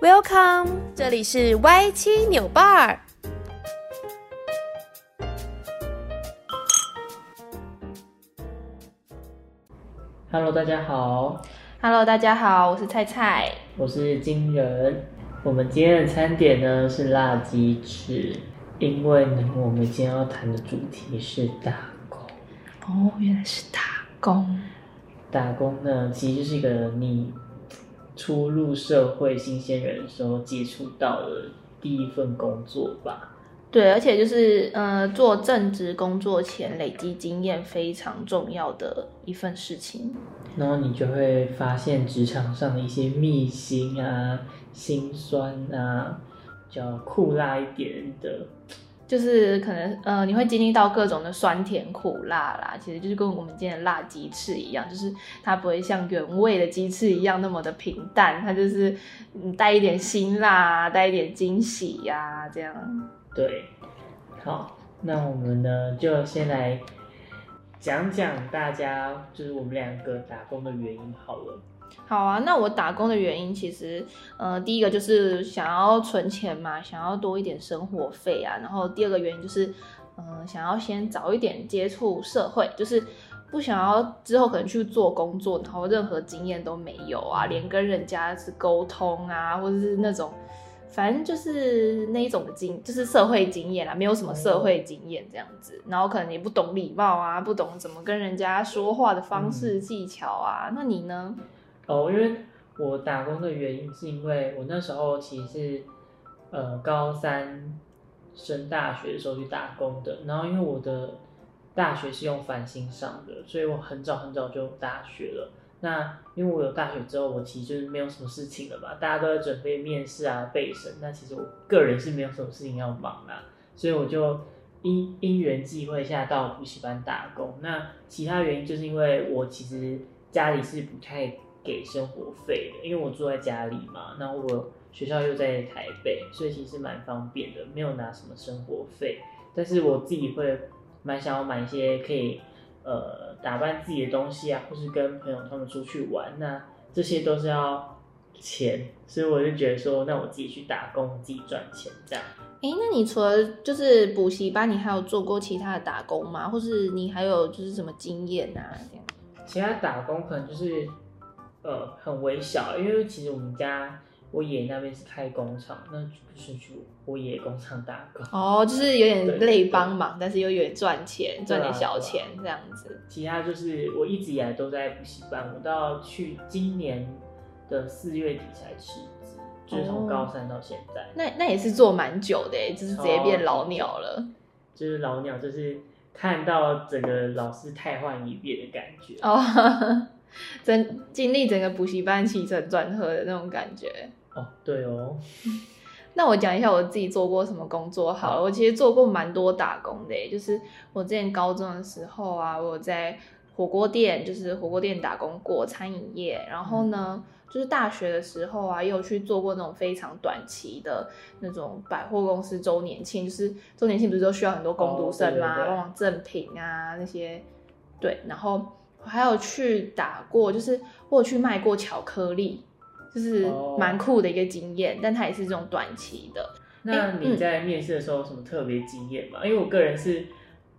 Welcome，這裡是 Y 七扭八。Hello，大家好。Hello，大家好，我是蔡蔡，我是金人。我們今天的餐點呢是辣雞翅，因為呢我們今天要談的主題是打工。哦，原來是打工。打工呢，其實是一個你初入社會、新鮮人的時候接觸到的第一份工作吧。對，而且就是，呃，做正職工作前，累積經驗非常重要的一份事情。然後你就會發現職場上的一些秘辛啊、心酸啊，叫酷辣一點的。就是可能，呃，你會經歷到各種的酸甜苦辣啦。其實就是跟我們今天的辣雞翅一樣，就是它不會像原味的雞翅一樣那麼的平淡，它就是帶一點辛辣，帶一點驚喜呀、啊，這樣。對，好，那我們呢就先來講講大家，就是我們兩個打工的原因好了。好啊，那我打工的原因其實，嗯、呃，第一個就是想要存錢嘛，想要多一點生活費啊。然後第二個原因就是，嗯、呃，想要先早一點接觸社會，就是不想要之後可能去做工作，然後任何經驗都沒有啊，連跟人家是溝通啊，或者是那種，反正就是那一種的經，就是社會經驗啊，沒有什麼社會經驗這樣子。嗯、然後可能也不懂禮貌啊，不懂怎麼跟人家說話的方式、嗯、技巧啊。那你呢？哦，因為我打工的原因是因為我那時候其實是，呃，高三升大學的時候去打工的。然後因為我的大學是用繁星上的，所以我很早很早就大學了。那因為我有大學之後，我其實就是沒有什麼事情了吧？大家都在準備面試啊、備審，那其實我個人是沒有什麼事情要忙啦、啊，所以我就因因緣際會下到補習班打工。那其他原因就是因為我其實家裡是不太。給生活費的，因為我住在家裡嘛，那我學校又在台北，所以其實蠻方便的，沒有拿什麼生活費。但是我自己會蠻想要買一些可以呃打扮自己的東西啊，或是跟朋友他們出去玩啊，那這些都是要錢，所以我就覺得說，那我自己去打工，自己賺錢這樣。哎、欸，那你除了就是補習班，你還有做過其他的打工嗎？或是你還有就是什麼經驗啊？其他打工可能就是。呃，很微小，因為其實我們家我爺那邊是開工廠，那不是去我爺工廠打工哦，就是有點累幫忙，對但是又有點賺錢，賺、啊、點小錢這樣子。其他就是我一直以來都在補習班，我到去今年的四月底才辭職，就是從高三到現在，哦、那那也是做蠻久的，就是直接變老鳥了、哦，就是老鳥，就是看到整個老師太換一遍的感覺哦。整經歷整個補習班起承轉合的那種感覺哦，對哦。 那我講一下我自己做過什麼工作好了。好，我其實做過蠻多打工的，就是我之前高中的時候啊，我在火鍋店，就是火鍋店打工過餐飲業。然後呢，就是大學的時候啊，又有去做過那種非常短期的那種百貨公司周年慶，就是周年慶不是都需要很多工讀生嘛、啊，那種贈品啊那些，對，對，對，然後。我還有去打過，就是或者去賣過巧克力，就是蠻酷的一個經驗，哦、但它也是這種短期的。那你在面試的時候有什麼特別經驗嗎？欸嗯、因為我個人是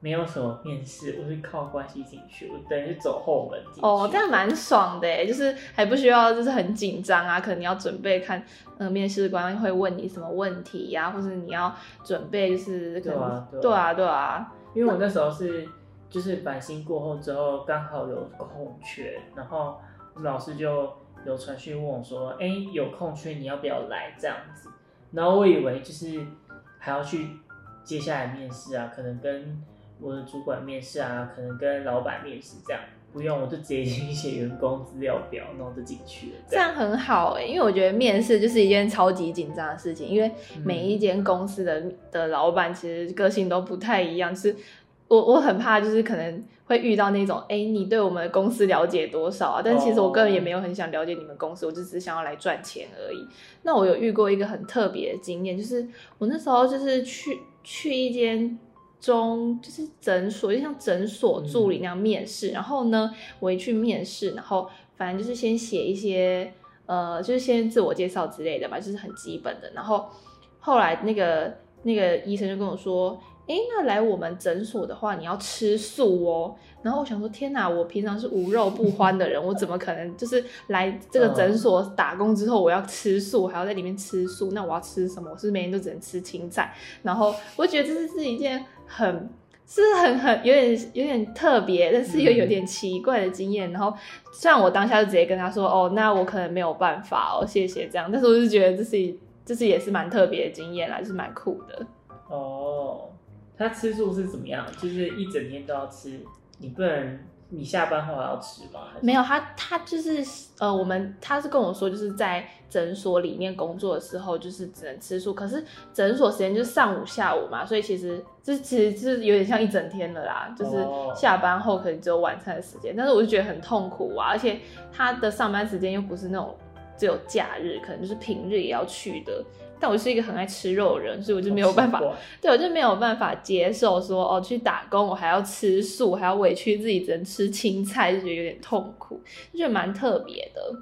沒有什麼面試，我是靠關係進去，我等於、就是、走後門進去。哦，這樣蠻爽的，就是還不需要，就是很緊張啊，可能你要準備看，呃，面試官會問你什麼問題呀、啊，或是你要準備就是，對啊，對啊，對啊，因為我那時候是。就是版新過後之後剛好有空缺，然後老師就有傳訊問我說：“哎，有空缺，你要不要來？”這樣子。然後我以為就是還要去接下來面試啊，可能跟我的主管面試啊，可能跟老闆面試這樣。不用，我就直接寫員工資料表然後就進去了。這樣很好哎，因為我覺得面試就是一件超級緊張的事情，因為每一間公司的的老闆其實個性都不太一樣，是。我我很怕，就是可能會遇到那種，誒、欸、你對我們的公司了解多少啊？但其實我個人也沒有很想了解你們公司，我就只是想要來賺錢而已。那我有遇過一個很特別的經驗，就是我那時候就是去去一間中就是診所，就像診所助理那樣面試。嗯、然後呢，我一去面試，然後反正就是先寫一些呃，就是先自我介紹之類的吧，就是很基本的。然後後來那個那個醫生就跟我說。哎、欸，那來我們診所的話，你要吃素哦。然後我想說，天哪、啊，我平常是無肉不歡的人， 我怎麼可能就是來這個診所打工之後我要吃素，還要在裡面吃素？那我要吃什麼？我是不是每天都只能吃青菜？然後我覺得這是一件很是很很有點有點特別，但是又有點奇怪的經驗。嗯、然後雖然我當下就直接跟他說，哦，那我可能沒有辦法哦，謝謝這樣。但是我就覺得這是這是也是蠻特別的經驗啦，就是蠻酷的哦。他吃素是怎麼樣？就是一整天都要吃，你不能，你下班後要吃嗎？沒有，他他就是呃，我們他是跟我說，就是在診所裡面工作的時候，就是只能吃素。可是診所時間就是上午下午嘛，所以其實就是其實就是有點像一整天了啦。Oh. 就是下班後可能只有晚餐的時間，但是我就覺得很痛苦啊。而且他的上班時間又不是那種只有假日，可能就是平日也要去的。但我是一個很愛吃肉的人，所以我就沒有辦法，對，我就沒有辦法接受說哦，去打工我還要吃素，還要委屈自己，自己只能吃青菜，就覺得有點痛苦，就覺得蠻特別的。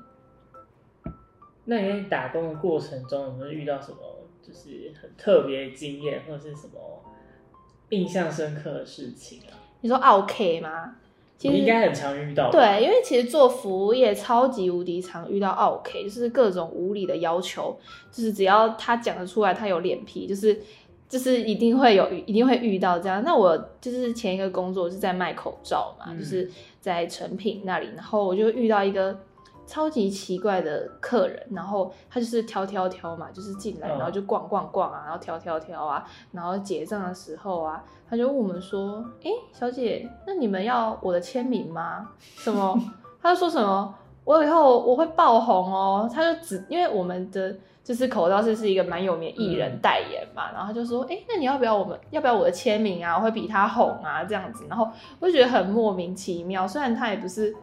嗯、那你在打工的過程中有沒有遇到什麼就是很特別經驗或者是什麼印象深刻的事情啊、嗯？你說 OK 嗎？其實你應該很常遇到，對，因為其實做服務業超級無敵常遇到，OK，就是各種無理的要求，就是只要他講得出來，他有臉皮，就是就是一定會有，一定會遇到這樣。那我就是前一個工作是在賣口罩嘛，嗯、就是在成品那裡，然後我就遇到一個。超級奇怪的客人，然後他就是挑挑挑嘛，就是進來然後就逛逛逛啊，然後挑挑挑啊，然後結賬的時候啊，他就問我們說：“哎、欸，小姐，那你們要我的簽名嗎？什麼？他就說什麼？我以後我會爆紅哦。”他就只因為我們的就是口罩是是一個蠻有名藝人代言嘛，嗯、然後他就說：“哎、欸，那你要不要我們要不要我的簽名啊？我會比他紅啊，這樣子。”然後我就覺得很莫名其妙，雖然他也不是。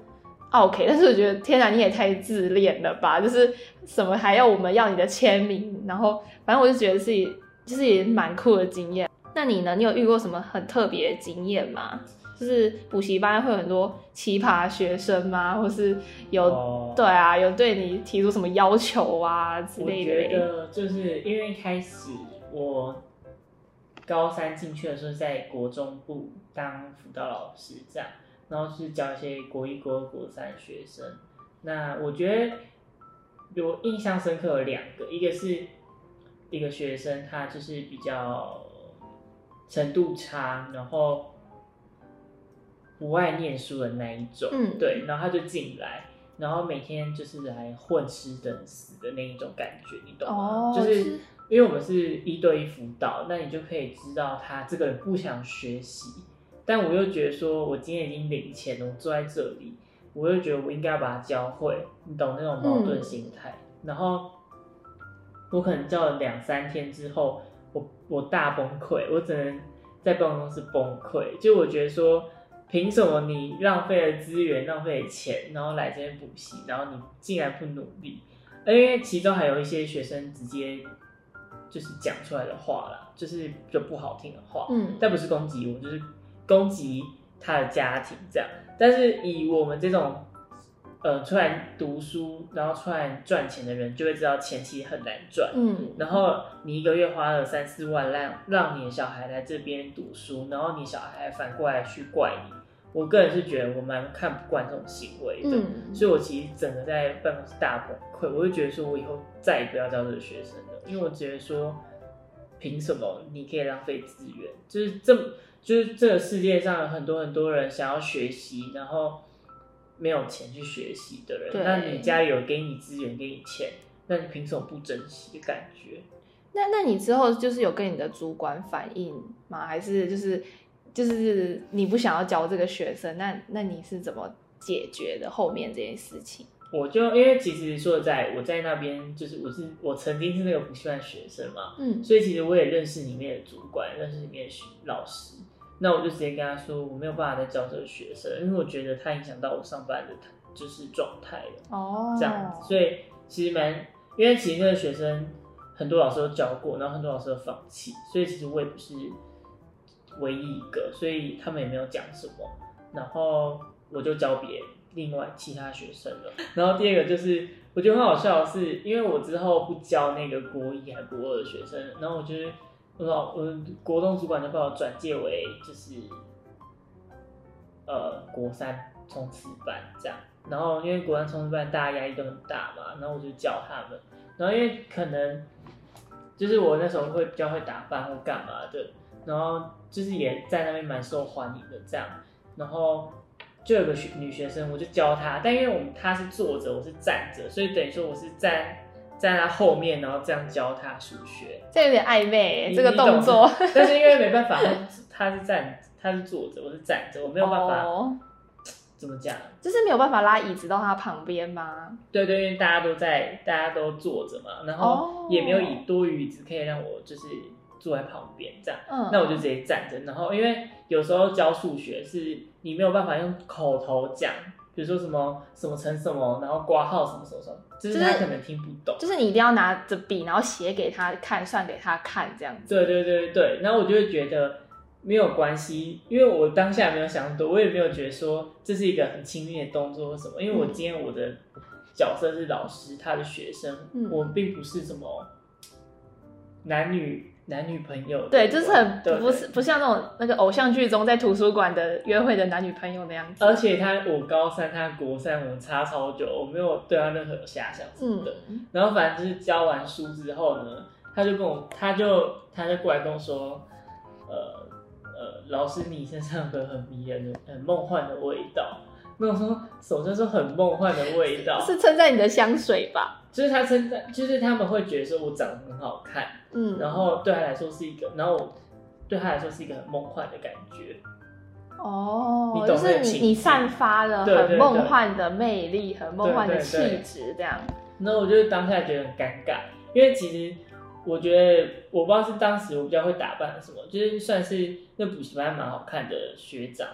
O.K.，但是我覺得天然你也太自戀了吧，就是什麼還要我們要你的簽名。然後反正我就覺得自己就是也蠻酷的經驗。那你呢，你有遇過什麼很特別的經驗嗎？就是補習班會有很多奇葩學生嗎？或是有我對啊，有對你提出什麼要求啊之類的？我覺得就是因為一開始我高三進去的時候在國中部當輔導老師，這樣。然後是教一些國一、國二、國三學生。那我覺得有印象深刻有兩個，一個是一個學生，他就是比較程度差，然後不愛唸書的那一種。嗯。對，然後他就進來，然後每天就是來混吃等死的那一種感覺，你懂嗎？哦。就是因為我們是一對一輔導，那你就可以知道他這個人不想學習。但我又覺得說，我今天已經領錢了，我坐在這裡，我又覺得我應該要把它教會，你懂那種矛盾心態。嗯、然後我可能教了兩三天之後，我我大崩潰，我只能在辦公室崩潰。就我覺得說，憑什麼你浪費了資源、浪費了錢，然後來這邊補習，然後你竟然不努力？而且其中還有一些學生直接就是講出來的話啦，就是就不好聽的話，嗯、但不是攻擊我，就是。攻擊他的家庭這樣，但是以我們這種，呃，出來讀書，然後出來賺錢的人，就會知道錢其實很難賺。嗯，然後你一個月花了三四萬讓，讓讓你的小孩來這邊讀書，然後你小孩反過來去怪你，我個人是覺得我蠻看不慣這種行為的。嗯，所以，我其實整個在辦公室大崩潰，我就覺得說我以後再也不要教這個學生了，因為我覺得說，憑什麼你可以浪費資源？就是這。就是這個世界上有很多很多人想要學習，然後沒有錢去學習的人。對那你家裡有給你資源，給你錢，那你憑什麼不珍惜的感覺？那那你之後就是有跟你的主管反映嗎？還是就是就是你不想要教這個學生？那那你是怎麼解決的後面這件事情？我就因為其實說實在，在我在那邊就是我是我曾經是那個補習班學生嘛，嗯，所以其實我也認識裡面的主管，認識裡面的老師。那我就直接跟他說，我沒有辦法再教這個學生，因為我覺得他影響到我上班的，就是狀態了。哦，oh. 這樣子，所以其實蠻，因為其實那個學生很多老師都教過，然後很多老師都放棄，所以其實我也不是唯一一個，所以他們也沒有講什麼，然後我就教別另外其他學生了。然後第二個就是我覺得很好笑是，因為我之後不教那個國一還國二的學生，然後我就我嗯，國中主管就把我轉介為就是，呃，國三衝刺班這樣。然後因為國三衝刺班大家壓力都很大嘛，然後我就教他們。然後因為可能，就是我那時候會比較會打扮或幹嘛的，然後就是也在那邊蠻受歡迎的這樣。然後就有個學女學生，我就教她。但因為我們她是坐着，我是站着，所以等於說我是站。在他後面，然後這樣教他數學，這樣有點曖昧。你這個動作，但是因為沒辦法， 他是站，他是坐着，我是站着，我沒有辦法、哦、怎麼講，就是沒有辦法拉椅子到他旁邊嗎？對，對對，因為大家都在，大家都坐着嘛，然後也沒有以多餘椅子可以讓我就是坐在旁邊這樣，哦、那我就直接站着。然後因為有時候教數學是，你沒有辦法用口頭講。比如說什麼什麼乘什麼，然後掛號什麼什麼什麼，就是他可能聽不懂，就是、就是你一定要拿着筆，然後寫給他看，算給他看這樣子。對對對對，然後我就會覺得沒有關係，因為我當下也沒有想多，我也沒有覺得說這是一個很親密的動作或什麼，因為我今天我的角色是老師，他的學生，嗯、我並不是什麼男女。男女朋友對，就是很不是不像那種那個偶像劇中在圖書館的約會的男女朋友那樣子。而且他我高三，他國三，我們差超久，我沒有對他任何遐想什麼的。嗯、然後反正就是教完書之後呢，他就跟我，他就他就過來跟我說，呃呃，老師你身上有很迷人的很夢幻的味道，那種說首先說很夢幻的味道，是稱讚你的香水吧？就是他稱讚，就是他們會覺得說我長得好看，嗯，然後對他來說是一個，然後對他來說是一個很夢幻的感覺，哦，你懂，就是你你散發了很夢幻的魅力，對對對，很夢幻的氣質，這樣，對對對。那我就當下覺得很尷尬，因為其實我覺得我不知道是當時我比較會打扮的什麼，就是算是那補習班還蠻好看的學長。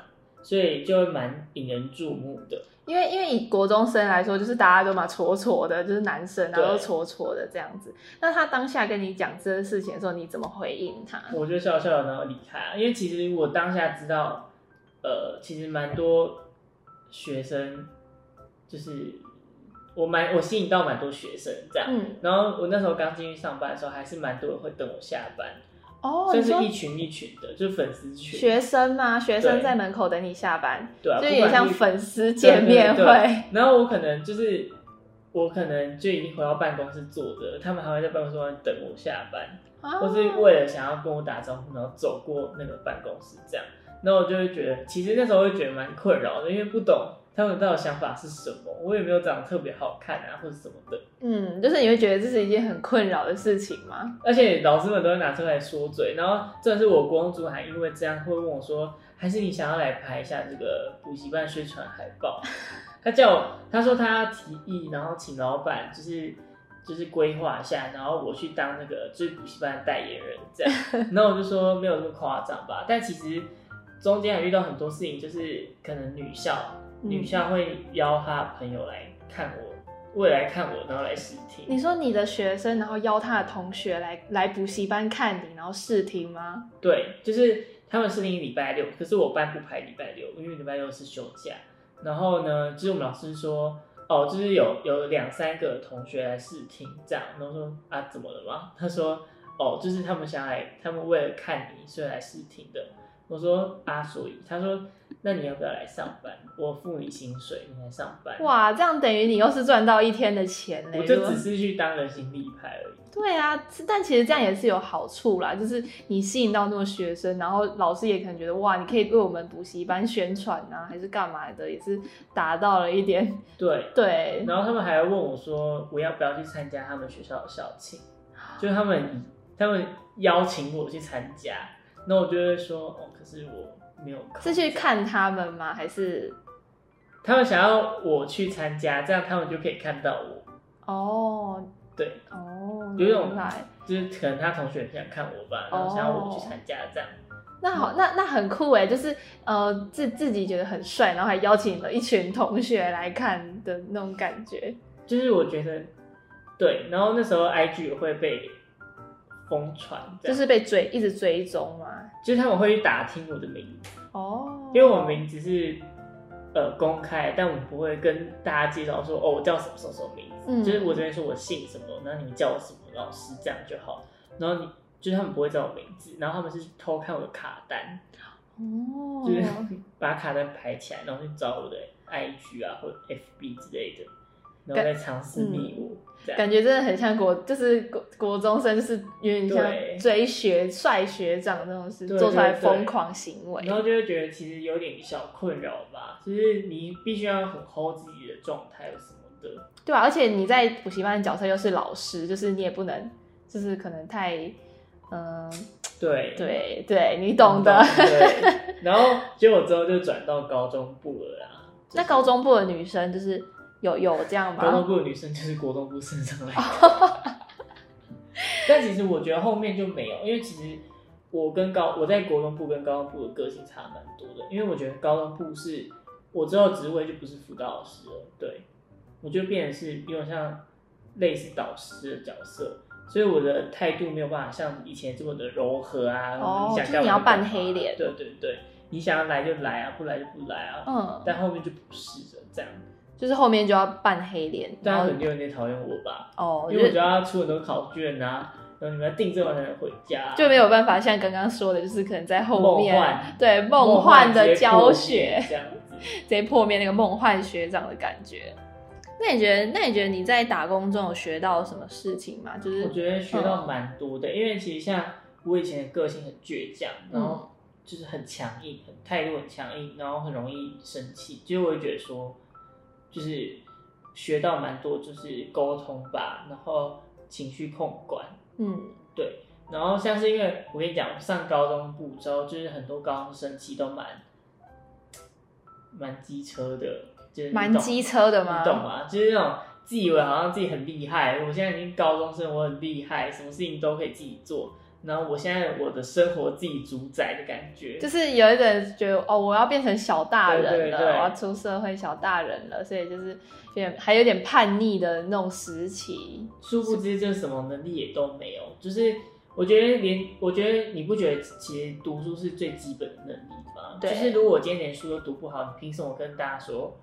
所以就蠻引人注目的，因為因為以國中生來說，就是大家都蠻矬矬的，就是男生然後都矬矬的這樣子。對那他當下跟你講這件事情的時候，你怎麼回應他？我就笑笑然後離開，因為其實我當下知道，呃，其實蠻多學生，就是我蠻我吸引到蠻多學生這樣。嗯、然後我那時候剛進去上班的時候，還是蠻多人會等我下班。哦，就是一群一群的，就是粉絲群。哦、學生嗎？學生在門口等你下班，對，就也像粉絲見面會。然後我可能就是，我可能就已經回到辦公室坐着，他們還會在辦公室等我下班，啊、或是為了想要跟我打招呼，然後走過那個辦公室這樣。然後我就會覺得，其實那時候會覺得蠻困擾的，因為不懂他們到底想法是什麼，我也沒有長得特別好看啊，或者什麼的。嗯，就是你會覺得這是一件很困擾的事情嗎？而且老師們都會拿出來說嘴，然後這是我國中還因為這樣會問我說，還是你想要來拍一下這個補習班宣傳海報？他叫我，他說他要提議，然後請老闆就是就是規劃一下，然後我去當那個做補習班的代言人這樣。 然後我就說沒有那麼誇張吧，但其實。中間還遇到很多事情，就是可能女校、嗯、女校會邀他朋友來看我，未來看我，然後來試聽。你說你的學生，然後邀他的同學來來補習班看你，然後試聽嗎？對，就是他們是定禮拜六，可是我班不排禮拜六，因為禮拜六是休假。然後呢，就是我們老師說，哦，就是有有兩三個同學來試聽，這樣。然後我說啊，怎麼了嗎？他說，哦，就是他們想來，他們為了看你，所以來試聽的。我說啊，所以，他說，那你要不要來上班？我付你薪水，你來上班。哇，這樣等於你又是賺到一天的錢呢、欸。我就只是去當人形立牌而已。對啊，但其實這樣也是有好處啦，就是你吸引到那麼學生，然後老師也可能覺得哇，你可以為我們補習班宣傳啊，還是幹嘛的，也是達到了一點。對對。對然後他們還問我說，我要不要去參加他們學校的校慶？就他們他們邀請我去參加。那我就會說哦，可是我沒有空。是去看他們嗎？還是他們想要我去參加，這樣他們就可以看到我？哦，對，哦，有種來，就是可能他同學很想看我吧，然後想要我去參加，哦、這樣。那好，嗯、那那很酷誒，就是呃自自己覺得很帥，然後還邀請了一群同學來看的那種感覺。就是我覺得，對，然後那時候 I G 也會被。瘋傳就是被追，一直追蹤嘛，就是他們會去打聽我的名字。哦，oh. 因為我名字是呃公開，但我不會跟大家介紹說哦、喔，我叫什麼什麼什麼名字，嗯、就是我這邊說我姓什麼，然後你們叫我什麼老師這樣就好。然後你就是他們不會叫我名字，然後他們是偷看我的卡單，哦，oh. 就是把卡單拍起來，然後去找我的 IG 啊或者 FB 之類的。然後在嘗試迷霧，嗯、樣感覺真的很像國，就是國國中生，就是有點像追學帥對學長那種事，對對對，做出來瘋狂行為。然後就會覺得其實有點小困擾吧，就是你必須要很 hold 自己的狀態什麼的。對啊，而且你在補習班的角色又是老師，就是你也不能，就是可能太，嗯、呃，對對對，你懂的。嗯嗯、對然後 結果之後就轉到高中部了啦，那高中部的女生就是。有有這樣嗎？高中部的女生就是國中部升上來。 但其實我覺得後面就沒有，因為其實我跟高我在國中部跟高中部的個性差蠻多的。因為我覺得高中部是，我之後職位就不是輔導老師了，對我就變成是有點像類似導師的角色，所以我的態度沒有辦法像以前這麼的柔和啊。哦，要、就是，你要扮黑臉。對對對，你想要來就來啊，不來就不來啊。嗯，但後面就不是了，這樣。就是後面就要扮黑臉，但對然肯後定有點討厭我吧？哦，就是、因為我覺得要出很多考卷啊，然後你們要訂正完才能回家，啊，就沒有辦法像剛剛說的，就是可能在後面夢幻對夢幻的教學這樣子，直接破滅那個夢幻學長的感覺。那你覺得？那你覺得你在打工中有學到什麼事情嗎？就是我覺得學到蠻多的，哦、因為其實像我以前的個性很倔強，然後就是很強硬，態度很強硬，然後很容易生氣。其實我也覺得說。就是學到蠻多，就是溝通吧，然後情緒控管，嗯，對。然後像是因為我跟你講，上高中部之後，就是很多高中生其實都蠻蠻機車的，就是蠻機車的嘛，你懂嗎？啊，就是那種自以為好像自己很厲害，我現在已經高中生，我很厲害，什麼事情都可以自己做。然後我現在我的生活自己主宰的感覺，就是有一種覺得哦，我要變成小大人了，對對對，我要出社會，小大人了，所以就是有點還有點叛逆的那種時期。殊不知，就什麼能力也都沒有。是就是我覺得連，連我覺得你不覺得，其實讀書是最基本的能力嗎？對。就是如果我今天連書都讀不好，你憑什麼跟大家說，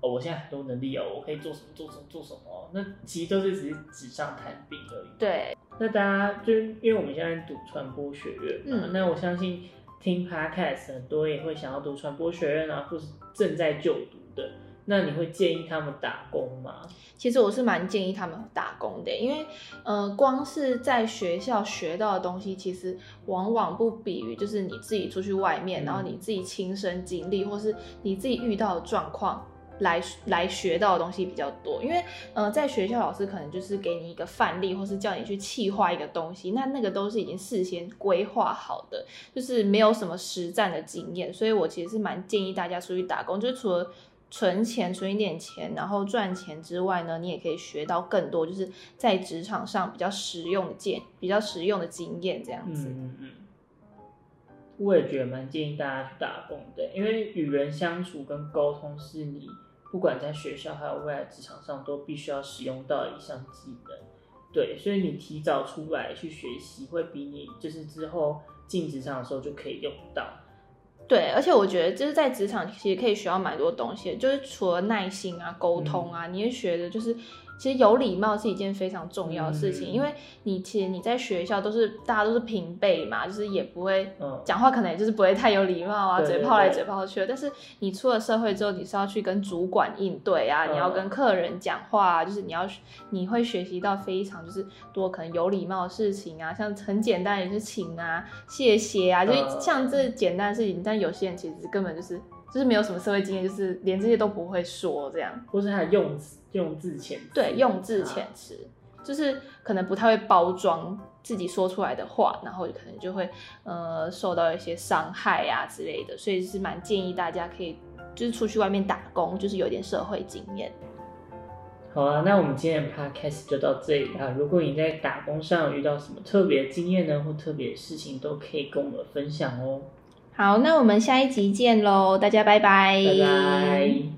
哦，我現在很多能力哦，我可以做什麼，做什麼，做什麼？那其實都是只是紙上談兵而已。對。那大家就是因為我們現在讀傳播學院嘛、嗯、那我相信聽 Podcast 很多人也會想要讀傳播學院啊，或是正在就讀的，那你會建議他們打工嗎？其實我是蠻建議他們打工的，因為呃，光是在學校學到的東西，其實往往不比於就是你自己出去外面，嗯、然後你自己親身經歷，或是你自己遇到的狀況。來來學到的東西比較多，因為呃，在學校老師可能就是給你一個範例，或是叫你去企劃一個東西，那那個都是已經事先規劃好的，就是沒有什麼實戰的經驗。所以我其實是蠻建議大家出去打工，就是除了存錢存一點錢，然後賺錢之外呢，你也可以學到更多，就是在職場上比較實用的見，比較實用的經驗這樣子。嗯嗯，我也覺得蠻建議大家去打工的，因為與人相處跟溝通是你。不管在學校還有未來職場上，都必須要使用到一項技能。對，所以你提早出來去學習，會比你就是之後進職場的時候就可以用到。對，而且我覺得就是在職場其實可以學到蠻多東西，就是除了耐心啊、溝通啊，嗯、你也學的就是。其實有禮貌是一件非常重要的事情，嗯、因為你其實你在學校都是大家都是平輩嘛，就是也不會講、嗯、話，可能也就是不會太有禮貌啊，對對對、嘴炮來嘴炮去。但是你出了社會之後，你是要去跟主管應對啊，嗯、你要跟客人講話、啊，就是你要你會學習到非常就是多可能有禮貌的事情啊，像很簡單也是請啊、謝謝啊，就像這簡單的事情，嗯、但有些人其實根本就是。就是沒有什麼社會經驗，就是連這些都不會說這樣，或是他的用用字淺，對，用字淺、啊，就是可能不太會包裝自己說出來的話，然後可能就會呃受到一些傷害呀、啊，之類的，所以是蠻建議大家可以就是出去外面打工，就是有點社會經驗。好啊,那我們今天的 Podcast 就到這裡啊。如果你在打工上遇到什麼特別經驗呢，或特別事情，都可以跟我們分享哦、喔。好，那我們下一集見嘍，大家拜拜。拜拜。